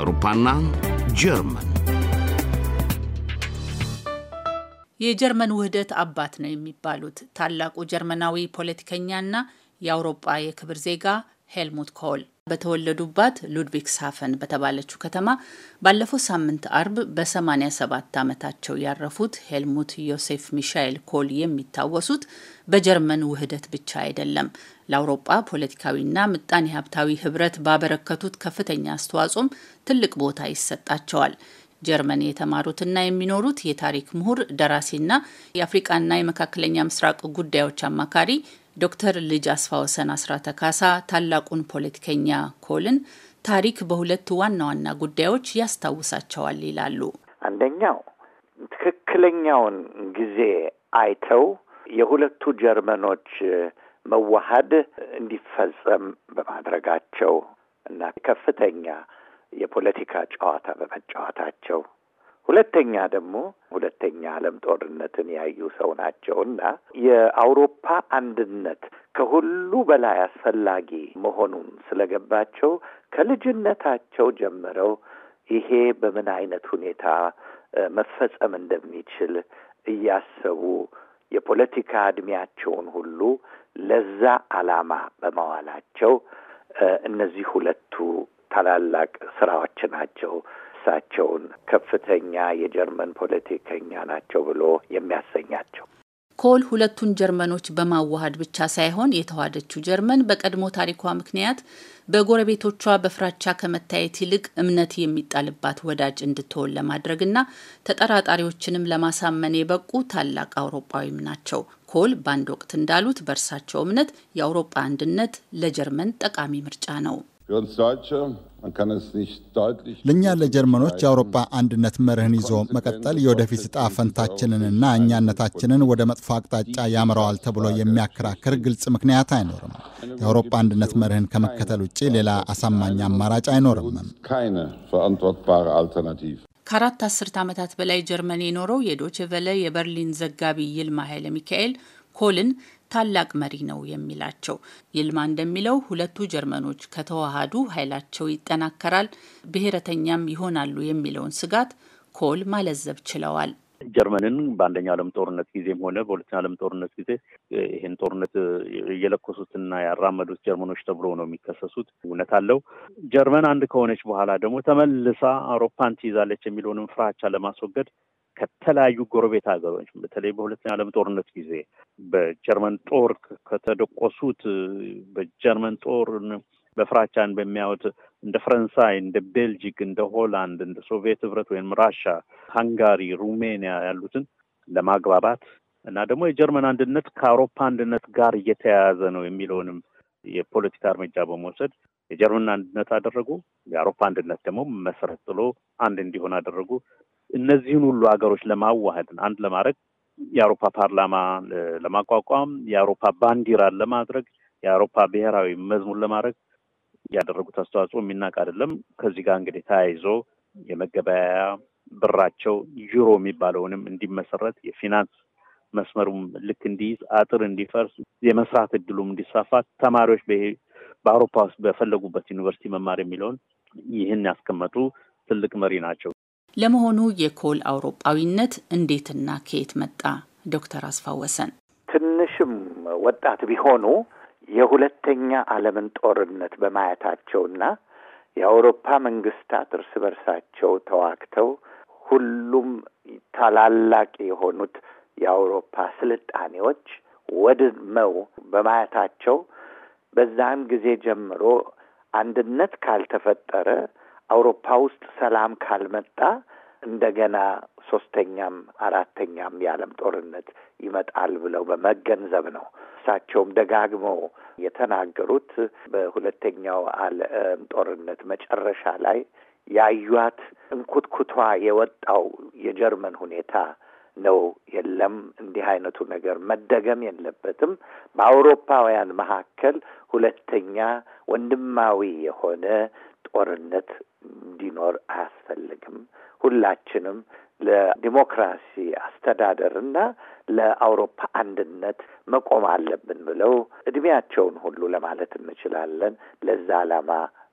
አውሮፓና ጀርመን የጀርመን ውህደት አባት ነው የሚባሉት ታላቁ ጀርመናዊ ፖለቲከኛና የአውሮፓ የክብር ዜጋ ሄልሙት ኮል በተወለዱባት ሉድቪግስሃፈን በተባለችው ከተማ ባለፈው ሳምንት አርብ በ87 ዓመታቸው ያረፉት ሄልሙት ዮሴፍ ሚሻኤል ኮል የሚታወሱት በጀርመን ውህደት ብቻ አይደለም። ለአውሮጳ ፖለቲካዊና ምጣኔ ሀብታዊ ህብረት ባበረከቱት ከፍተኛ አስተዋጽኦም ትልቅ ቦታ ይሰጣቸዋል። ጀርመን የተማሩትና የሚኖሩት የታሪክ ምሁር ደራሲና የአፍሪቃና የመካከለኛ ምስራቅ ጉዳዮች አማካሪ ዶክተር ልጅ አስፋወሰን አስራተ ካሳ ታላቁን ፖለቲከኛ ኮልን ታሪክ በሁለት ዋና ዋና ጉዳዮች ያስታውሳቸዋል ይላሉ። አንደኛው ትክክለኛውን ጊዜ አይተው የሁለቱ ጀርመኖች መዋሀድ እንዲፈጸም በማድረጋቸው እና ከፍተኛ የፖለቲካ ጨዋታ በመጫወታቸው ሁለተኛ ደግሞ ሁለተኛ ዓለም ጦርነትን ያዩ ሰው ናቸው እና የአውሮፓ አንድነት ከሁሉ በላይ አስፈላጊ መሆኑን ስለገባቸው ከልጅነታቸው ጀምረው ይሄ በምን አይነት ሁኔታ መፈጸም እንደሚችል እያሰቡ የፖለቲካ እድሜያቸውን ሁሉ ለዛ ዓላማ በማዋላቸው እነዚህ ሁለቱ ታላላቅ ስራዎች ናቸው እሳቸውን ከፍተኛ የጀርመን ፖለቲከኛ ናቸው ብሎ የሚያሰኛቸው ኮል ሁለቱን ጀርመኖች በማዋሃድ ብቻ ሳይሆን የተዋደችው ጀርመን በቀድሞ ታሪኳ ምክንያት በጎረቤቶቿ በፍራቻ ከመታየት ይልቅ እምነት የሚጣልባት ወዳጅ እንድትሆን ለማድረግና ተጠራጣሪዎችንም ለማሳመን የበቁ ታላቅ አውሮፓዊም ናቸው። ኮል በአንድ ወቅት እንዳሉት በእርሳቸው እምነት የአውሮጳ አንድነት ለጀርመን ጠቃሚ ምርጫ ነው። ለእኛ ለጀርመኖች የአውሮፓ አንድነት መርህን ይዞ መቀጠል የወደፊት ዕጣ ፈንታችንንና እኛነታችንን ወደ መጥፎ አቅጣጫ ያምረዋል ተብሎ የሚያከራክር ግልጽ ምክንያት አይኖርም። የአውሮፓ አንድነት መርህን ከመከተል ውጭ ሌላ አሳማኝ አማራጭ አይኖርም። ከአራት አስርት ዓመታት በላይ ጀርመን የኖረው የዶችቨለ የበርሊን ዘጋቢ ይልማ ኃይለ ሚካኤል ኮልን ታላቅ መሪ ነው የሚላቸው። ይልማ እንደሚለው ሁለቱ ጀርመኖች ከተዋሃዱ ኃይላቸው ይጠናከራል፣ ብሔረተኛም ይሆናሉ የሚለውን ስጋት ኮል ማለዘብ ችለዋል። ጀርመንን በአንደኛው ዓለም ጦርነት ጊዜም ሆነ በሁለተኛው ዓለም ጦርነት ጊዜ ይህን ጦርነት እየለኮሱትና ያራመዱት ጀርመኖች ተብሎ ነው የሚከሰሱት። እውነት አለው። ጀርመን አንድ ከሆነች በኋላ ደግሞ ተመልሳ አውሮፓን ትይዛለች የሚለውንም ፍራቻ ለማስወገድ ከተለያዩ ጎረቤት ሀገሮች በተለይ በሁለተኛ ዓለም ጦርነት ጊዜ በጀርመን ጦር ከተደቆሱት በጀርመን ጦር በፍራቻን በሚያዩት እንደ ፈረንሳይ፣ እንደ ቤልጂክ፣ እንደ ሆላንድ፣ እንደ ሶቪየት ህብረት ወይም ራሻ፣ ሃንጋሪ፣ ሩሜኒያ ያሉትን ለማግባባት እና ደግሞ የጀርመን አንድነት ከአውሮፓ አንድነት ጋር እየተያያዘ ነው የሚለውንም የፖለቲካ እርምጃ በመውሰድ የጀርመን አንድነት አደረጉ። የአውሮፓ አንድነት ደግሞ መሰረት ጥሎ አንድ እንዲሆን አደረጉ። እነዚህን ሁሉ ሀገሮች ለማዋሃድ አንድ ለማድረግ የአውሮፓ ፓርላማ ለማቋቋም፣ የአውሮፓ ባንዲራን ለማድረግ፣ የአውሮፓ ብሔራዊ መዝሙር ለማድረግ ያደረጉት አስተዋጽኦ የሚናቅ አይደለም። ከዚህ ጋር እንግዲህ ተያይዞ የመገበያያ ብራቸው ዩሮ የሚባለውንም እንዲመሰረት የፊናንስ መስመሩም ልክ እንዲይዝ አጥር እንዲፈርስ የመስራት እድሉም እንዲሳፋ ተማሪዎች በአውሮፓ ውስጥ በፈለጉበት ዩኒቨርሲቲ መማር የሚለውን ይህን ያስቀመጡ ትልቅ መሪ ናቸው። ለመሆኑ የኮል አውሮፓዊነት እንዴትና ከየት መጣ? ዶክተር አስፋወሰን ትንሽም ወጣት ቢሆኑ የሁለተኛ ዓለምን ጦርነት በማየታቸውና የአውሮፓ መንግስታት እርስ በርሳቸው ተዋግተው ሁሉም ታላላቅ የሆኑት የአውሮፓ ስልጣኔዎች ወድመው በማየታቸው በዛን ጊዜ ጀምሮ አንድነት ካልተፈጠረ አውሮፓ ውስጥ ሰላም ካልመጣ እንደገና ሶስተኛም አራተኛም የዓለም ጦርነት ይመጣል ብለው በመገንዘብ ነው እሳቸውም ደጋግመው የተናገሩት በሁለተኛው ዓለም ጦርነት መጨረሻ ላይ ያዩት እንኩትኩቷ የወጣው የጀርመን ሁኔታ ነው። የለም እንዲህ አይነቱ ነገር መደገም የለበትም። በአውሮፓውያን መካከል ሁለተኛ ወንድማዊ የሆነ ጦርነት እንዲኖር አያስፈልግም። ሁላችንም ለዲሞክራሲ አስተዳደርና ለአውሮፓ አንድነት መቆም አለብን ብለው እድሜያቸውን ሁሉ ለማለት እንችላለን ለዛ ዓላማ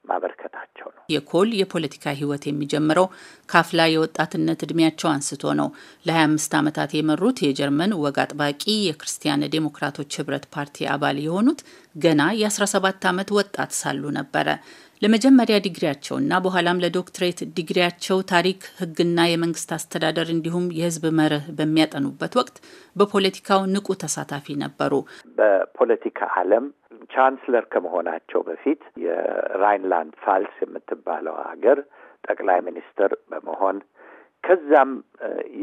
ማበርከታቸው ነው። የኮል የፖለቲካ ህይወት የሚጀምረው ካፍላ የወጣትነት እድሜያቸው አንስቶ ነው። ለ25 ዓመታት የመሩት የጀርመን ወግ አጥባቂ የክርስቲያን ዴሞክራቶች ህብረት ፓርቲ አባል የሆኑት ገና የ17 ዓመት ወጣት ሳሉ ነበረ። ለመጀመሪያ ዲግሪያቸውና በኋላም ለዶክትሬት ዲግሪያቸው ታሪክ፣ ሕግና የመንግስት አስተዳደር እንዲሁም የሕዝብ መርህ በሚያጠኑበት ወቅት በፖለቲካው ንቁ ተሳታፊ ነበሩ። በፖለቲካ ዓለም ቻንስለር ከመሆናቸው በፊት የራይንላንድ ፋልስ የምትባለው ሀገር ጠቅላይ ሚኒስትር በመሆን ከዛም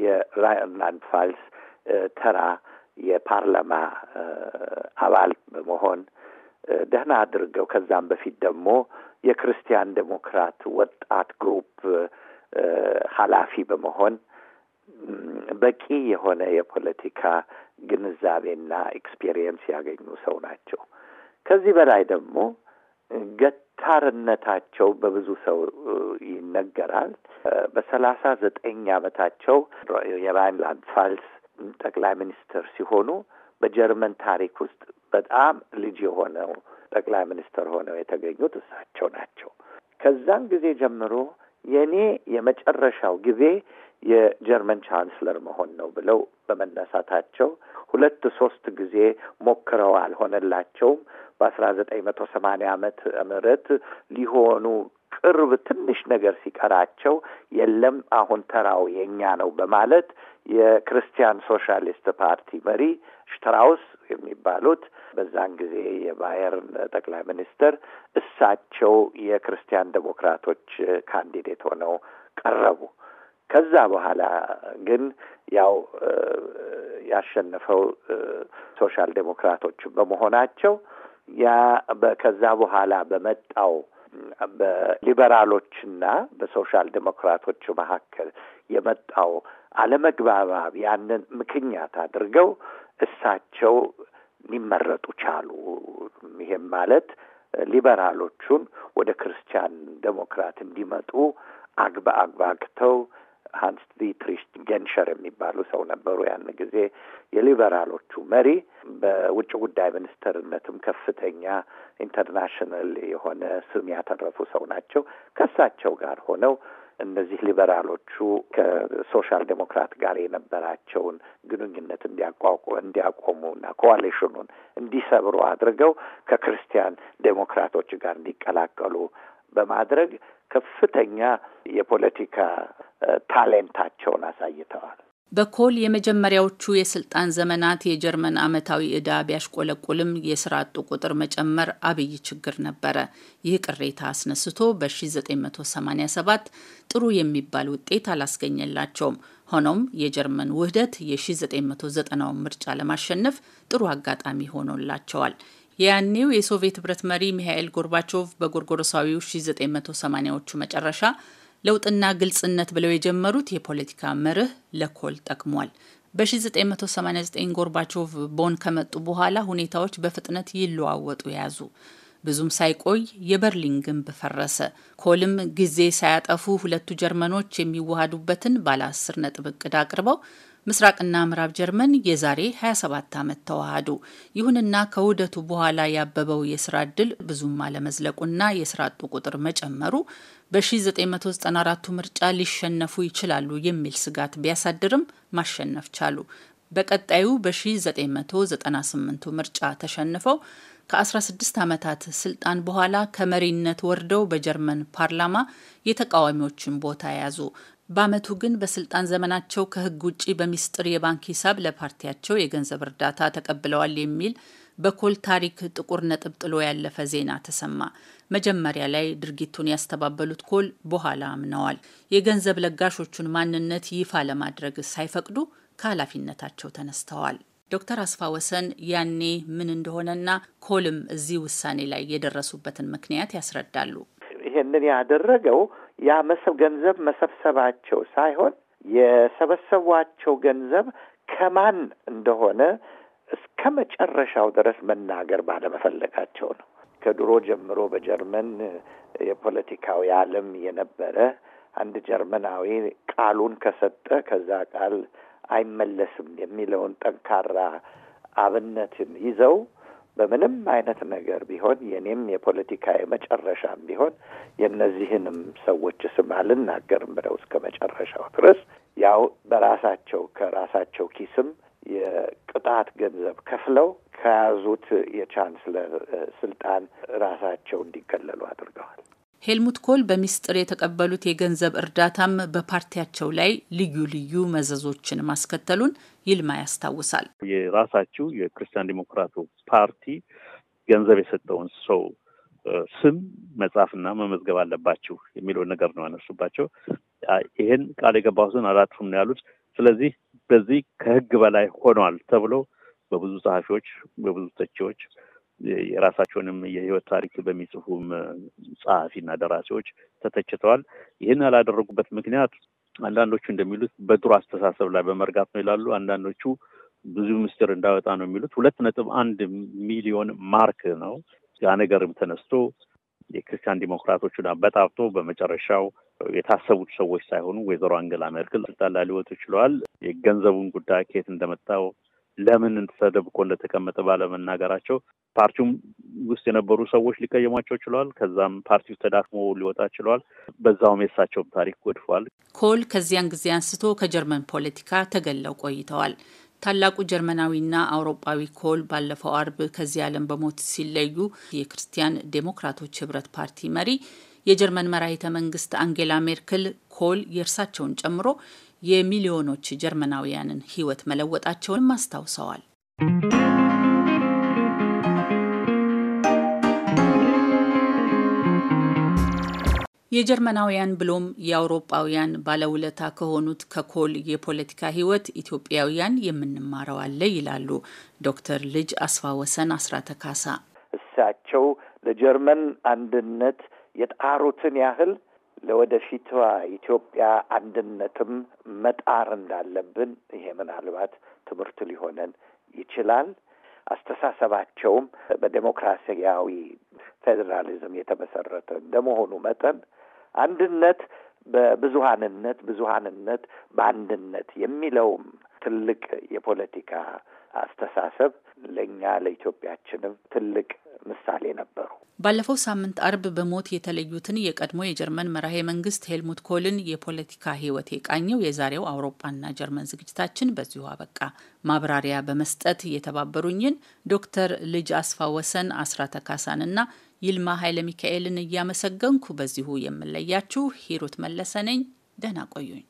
የራይንላንድ ፋልስ ተራ የፓርላማ አባል በመሆን ደህና አድርገው ከዛም በፊት ደግሞ የክርስቲያን ዴሞክራት ወጣት ግሩፕ ኃላፊ በመሆን በቂ የሆነ የፖለቲካ ግንዛቤና ኤክስፔሪየንስ ያገኙ ሰው ናቸው። ከዚህ በላይ ደግሞ ገታርነታቸው በብዙ ሰው ይነገራል። በሰላሳ ዘጠኝ ዓመታቸው የራይንላንድ ፋልስ ጠቅላይ ሚኒስትር ሲሆኑ በጀርመን ታሪክ ውስጥ በጣም ልጅ የሆነው ጠቅላይ ሚኒስትር ሆነው የተገኙት እሳቸው ናቸው። ከዛን ጊዜ ጀምሮ የእኔ የመጨረሻው ጊዜ የጀርመን ቻንስለር መሆን ነው ብለው በመነሳታቸው ሁለት ሶስት ጊዜ ሞክረው አልሆነላቸውም። በአስራ ዘጠኝ መቶ ሰማኒያ ዓመት ምህረት ሊሆኑ ቅርብ ትንሽ ነገር ሲቀራቸው የለም አሁን ተራው የእኛ ነው በማለት የክርስቲያን ሶሻሊስት ፓርቲ መሪ ሽትራውስ የሚባሉት በዛን ጊዜ የባየርን ጠቅላይ ሚኒስትር እሳቸው የክርስቲያን ዴሞክራቶች ካንዲዴት ሆነው ቀረቡ። ከዛ በኋላ ግን ያው ያሸነፈው ሶሻል ዴሞክራቶች በመሆናቸው ያ ከዛ በኋላ በመጣው በሊበራሎችና በሶሻል ዲሞክራቶች መካከል የመጣው አለመግባባብ ያንን ምክንያት አድርገው እሳቸው ሊመረጡ ቻሉ። ይሄም ማለት ሊበራሎቹን ወደ ክርስቲያን ዴሞክራት እንዲመጡ አግባ አግባግተው ሀንስ ዲትሪሽ ጀንሸር የሚባሉ ሰው ነበሩ። ያን ጊዜ የሊበራሎቹ መሪ በውጭ ጉዳይ ሚኒስትርነትም ከፍተኛ ኢንተርናሽናል የሆነ ስም ያተረፉ ሰው ናቸው። ከሳቸው ጋር ሆነው እነዚህ ሊበራሎቹ ከሶሻል ዴሞክራት ጋር የነበራቸውን ግንኙነት እንዲያቆሙና ኮዋሊሽኑን እንዲሰብሩ አድርገው ከክርስቲያን ዴሞክራቶች ጋር እንዲቀላቀሉ በማድረግ ከፍተኛ የፖለቲካ ታሌንታቸውን አሳይተዋል። በኮል የመጀመሪያዎቹ የስልጣን ዘመናት የጀርመን ዓመታዊ ዕዳ ቢያሽቆለቁልም የስራ አጡ ቁጥር መጨመር አብይ ችግር ነበረ። ይህ ቅሬታ አስነስቶ በ1987 ጥሩ የሚባል ውጤት አላስገኘላቸውም። ሆኖም የጀርመን ውህደት የ1990ውን ምርጫ ለማሸነፍ ጥሩ አጋጣሚ ሆኖላቸዋል። የያኔው የሶቪየት ህብረት መሪ ሚሃኤል ጎርባቾቭ በጎርጎሮሳዊው 1980ዎቹ መጨረሻ ለውጥና ግልጽነት ብለው የጀመሩት የፖለቲካ መርህ ለኮል ጠቅሟል። በ1989 ጎርባቾቭ ቦን ከመጡ በኋላ ሁኔታዎች በፍጥነት ይለዋወጡ ያዙ። ብዙም ሳይቆይ የበርሊን ግንብ ፈረሰ። ኮልም ጊዜ ሳያጠፉ ሁለቱ ጀርመኖች የሚዋሃዱበትን ባለ አስር ነጥብ እቅድ አቅርበው ምስራቅና ምዕራብ ጀርመን የዛሬ 27 ዓመት ተዋሃዱ። ይሁንና ከውህደቱ በኋላ ያበበው የስራ እድል ብዙም አለመዝለቁና የስራ አጡ ቁጥር መጨመሩ በ1994ቱ ምርጫ ሊሸነፉ ይችላሉ የሚል ስጋት ቢያሳድርም ማሸነፍ ቻሉ። በቀጣዩ በ1998ቱ ምርጫ ተሸንፈው ከ16 ዓመታት ስልጣን በኋላ ከመሪነት ወርደው በጀርመን ፓርላማ የተቃዋሚዎችን ቦታ ያዙ። በአመቱ ግን በስልጣን ዘመናቸው ከህግ ውጭ በሚስጥር የባንክ ሂሳብ ለፓርቲያቸው የገንዘብ እርዳታ ተቀብለዋል የሚል በኮል ታሪክ ጥቁር ነጥብ ጥሎ ያለፈ ዜና ተሰማ። መጀመሪያ ላይ ድርጊቱን ያስተባበሉት ኮል በኋላ አምነዋል። የገንዘብ ለጋሾቹን ማንነት ይፋ ለማድረግ ሳይፈቅዱ ከኃላፊነታቸው ተነስተዋል። ዶክተር አስፋ ወሰን ያኔ ምን እንደሆነና ኮልም እዚህ ውሳኔ ላይ የደረሱበትን ምክንያት ያስረዳሉ። ይሄንን ያደረገው ያ መሰብ ገንዘብ መሰብሰባቸው ሳይሆን የሰበሰቧቸው ገንዘብ ከማን እንደሆነ እስከ መጨረሻው ድረስ መናገር ባለመፈለጋቸው ነው። ከድሮ ጀምሮ በጀርመን የፖለቲካዊ ዓለም የነበረ አንድ ጀርመናዊ ቃሉን ከሰጠ ከዛ ቃል አይመለስም የሚለውን ጠንካራ አብነትን ይዘው በምንም አይነት ነገር ቢሆን የኔም የፖለቲካ የመጨረሻም ቢሆን የእነዚህንም ሰዎች ስም አልናገርም ብለው እስከ መጨረሻው ድረስ ያው በራሳቸው ከራሳቸው ኪስም የቅጣት ገንዘብ ከፍለው ከያዙት የቻንስለር ስልጣን ራሳቸው እንዲገለሉ አድርገዋል። ሄልሙት ኮል በሚስጥር የተቀበሉት የገንዘብ እርዳታም በፓርቲያቸው ላይ ልዩ ልዩ መዘዞችን ማስከተሉን ይልማ ያስታውሳል። የራሳችሁ የክርስቲያን ዲሞክራቱ ፓርቲ ገንዘብ የሰጠውን ሰው ስም መጻፍና መመዝገብ አለባችሁ የሚለውን ነገር ነው ያነሱባቸው። ይሄን ቃል የገባሁትን አላጥፉም ነው ያሉት። ስለዚህ በዚህ ከህግ በላይ ሆኗል ተብሎ በብዙ ጸሐፊዎች፣ በብዙ ተቺዎች የራሳቸውንም የህይወት ታሪክ በሚጽፉም ጸሐፊና ደራሲዎች ተተችተዋል። ይህን ያላደረጉበት ምክንያት አንዳንዶቹ እንደሚሉት በድሮ አስተሳሰብ ላይ በመርጋት ነው ይላሉ። አንዳንዶቹ ብዙ ምስጢር እንዳወጣ ነው የሚሉት። ሁለት ነጥብ አንድ ሚሊዮን ማርክ ነው። ያ ነገርም ተነስቶ የክርስቲያን ዲሞክራቶቹን አበጣብጦ በመጨረሻው የታሰቡት ሰዎች ሳይሆኑ ወይዘሮ አንገላ ሜርክል ስልጣን ላይ ሊወጡ ችለዋል። የገንዘቡን ጉዳይ ከየት እንደመጣው ለምን ተሰደብኮ እንደተቀመጠ ባለመናገራቸው ፓርቲውም ውስጥ የነበሩ ሰዎች ሊቀየሟቸው ችለዋል። ከዛም ፓርቲው ተዳክሞ ሊወጣ ችለዋል። በዛውም የሳቸውም ታሪክ ጎድፏል። ኮል ከዚያን ጊዜ አንስቶ ከጀርመን ፖለቲካ ተገለው ቆይተዋል። ታላቁ ጀርመናዊና አውሮፓዊ ኮል ባለፈው አርብ ከዚህ ዓለም በሞት ሲለዩ የክርስቲያን ዴሞክራቶች ህብረት ፓርቲ መሪ የጀርመን መራሂተ መንግስት አንጌላ ሜርክል ኮል የእርሳቸውን ጨምሮ የሚሊዮኖች ጀርመናውያንን ሕይወት መለወጣቸውንም አስታውሰዋል። የጀርመናውያን ብሎም የአውሮጳውያን ባለውለታ ከሆኑት ከኮል የፖለቲካ ህይወት ኢትዮጵያውያን የምንማረው አለ ይላሉ ዶክተር ልጅ አስፋ ወሰን አስራተ ካሳ። እሳቸው ለጀርመን አንድነት የጣሩትን ያህል ለወደፊቷ ኢትዮጵያ አንድነትም መጣር እንዳለብን ይሄ ምናልባት ትምህርት ሊሆነን ይችላል። አስተሳሰባቸውም በዴሞክራሲያዊ ፌዴራሊዝም የተመሰረተ እንደመሆኑ መጠን አንድነት በብዙሀንነት ብዙሀንነት በአንድነት የሚለውም ትልቅ የፖለቲካ አስተሳሰብ ለእኛ ለኢትዮጵያችንም ትልቅ ምሳሌ ነበሩ። ባለፈው ሳምንት አርብ በሞት የተለዩትን የቀድሞ የጀርመን መራሄ መንግስት ሄልሙት ኮልን የፖለቲካ ህይወት የቃኘው የዛሬው አውሮፓና ጀርመን ዝግጅታችን በዚሁ አበቃ። ማብራሪያ በመስጠት የተባበሩኝን ዶክተር ልጅ አስፋ ወሰን አስራተ ካሳንና ይልማ ኃይለ ሚካኤልን እያመሰገንኩ በዚሁ የምለያችሁ ሂሩት መለሰ ነኝ። ደህና ቆዩኝ።